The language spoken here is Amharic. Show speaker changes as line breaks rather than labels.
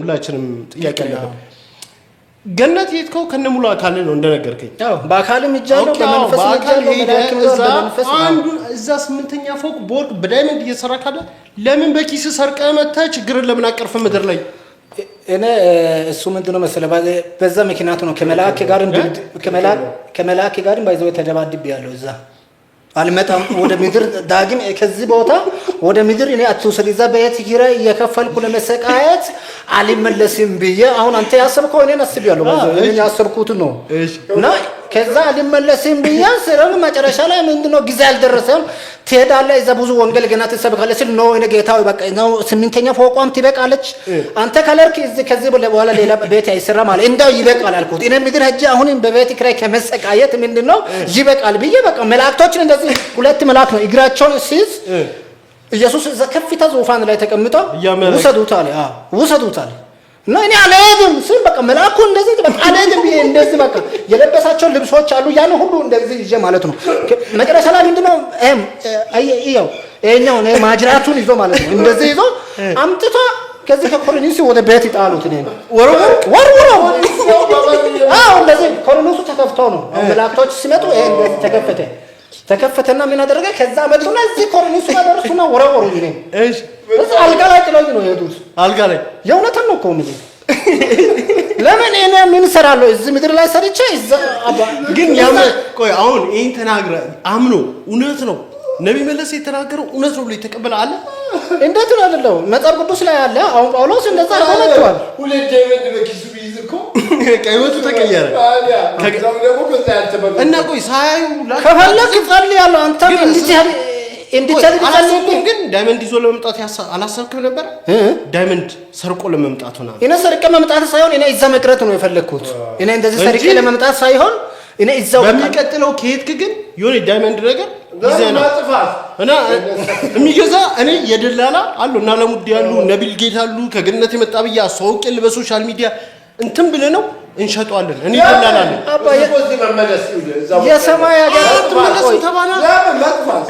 ሁላችንም ጥያቄ አለብን። ገነት የትከው ከነ ሙሉ አካል ነው እንደነገርከኝ፣
በአካልም እጃለሁ በመንፈስ
አንዱን እዛ ስምንተኛ ፎቅ ቦርድ በዳይመንድ እየሰራ ካለ ለምን በኪስ ሰርቀ መጥተህ ችግርን ለምን አቀርፍ ምድር ላይ?
እኔ እሱ ምንድን ነው መሰለህ፣ በዛ ምክንያቱ ነው ከመላእክ ጋርም ከመላእክ ጋርም ባይዘው ተደባድብ ያለው እዛ አልመጣም ወደ ምድር ዳግም ከዚህ ቦታ ወደ ምድር እኔ አትውሰድ። እዛ በየት ኪራይ እየከፈልኩ ለመሰቃየት አልመለስም ብዬ አሁን አንተ ያሰብከው እኔን አስቤያለሁ። እኔን ያሰብኩት ነው እና ከዛ አልመለስም ብዬ ስለም መጨረሻ ላይ ምንድን ነው ጊዜ አልደረሰም ትሄዳለህ፣ እዛ ብዙ ወንጌል ገና ትሰብካለህ ስል ነው እኔ ጌታ ሆይ በቃ ነው ስምንተኛ ፎቋም ትበቃለች። አንተ ከለርክ ከዚህ በኋላ ሌላ ቤት አይሰራም አለ። እንዳው ይበቃል አልኩት። እኔ ምድር ሂጅ አሁንም በቤት ክራይ ከመሰቃየት ምንድን ነው ይበቃል ብዬ በቃ መላእክቶችን እንደዚህ ሁለት መልአክ ነው እግራቸውን ሲዝ ኢየሱስ እዛ ከፍታ ዙፋን ላይ ተቀምጦ ውሰዱታል ውሰዱታል እና እኔ አልሄድም ስል በቃ መልአኩ እንደዚህ በቃ አልሄድም። ይሄ እንደዚህ በቃ የለበሳቸው ልብሶች አሉ ያን ሁሉ እንደዚህ ይዤ ማለት ነው። መጨረሻ ላይ ምንድን ነው ይኸው ነው ማጅራቱን ይዞ ማለት ነው እንደዚህ ይዞ አምጥቶ ከዚህ ከኮሪኒስ ወደ ቤት ይጣሉት እኔ ነው ወርውሮ እንደዚህ ኮሪኒሱ ተከፍቶ ነው መልአክቶች ሲመጡ ይሄ እንደዚህ ተከፈተ። ተከፈተና ምን አደረገ? ከዛ መጡና እዚህ ኮርኒሱ ላይ ደርሱና ወረወሩ። ይሄ እሺ፣ አልጋ ላይ ጥለውኝ ነው የሄዱት። አልጋ ላይ የእውነትን ነው እኮ ምድር ለምን እኔ ምን እሰራለሁ እዚህ ምድር ላይ ሰርቼ እዛ
ግን ያም ቆይ፣ አሁን ይሄን ተናግረ አምኖ እውነት ነው ነቢ መለሰ የተናገረው እውነት ነው ብሎ የተቀበለ አለ።
እንዴት ነው አይደለው? መጽሐፍ ቅዱስ ላይ አለ። አሁን ጳውሎስ እንደዛ አድርጎ መጥቷል።
እኮ ህይወቱ ተቀየረ።
እና ቆይ ሳያዩ ከፈለክ ያለው አንተ እንዲቻልአላሰብኩም
ግን ዳይመንድ ይዞ ለመምጣት አላሰብክም ነበር? ዳይመንድ ሰርቆ ለመምጣቱ ና
እኔ ሰርቄ መምጣት ሳይሆን እኔ እዛ መቅረት ነው የፈለግኩት። እኔ እንደዚህ ሰርቄ ለመምጣት ሳይሆን እኔ እዛው
በሚቀጥለው ከሄድክ ግን የሆነ ዳይመንድ ነገር እና የሚገዛ እኔ የደላላ አሉ እና ለሙድ ያሉ ነቢል ጌት አሉ ከገነት የመጣ ብያ ሰውቄ በሶሻል ሚዲያ እንትን ብለህ ነው እንሸጠዋለን። እኔ ደላላ
ነኝ።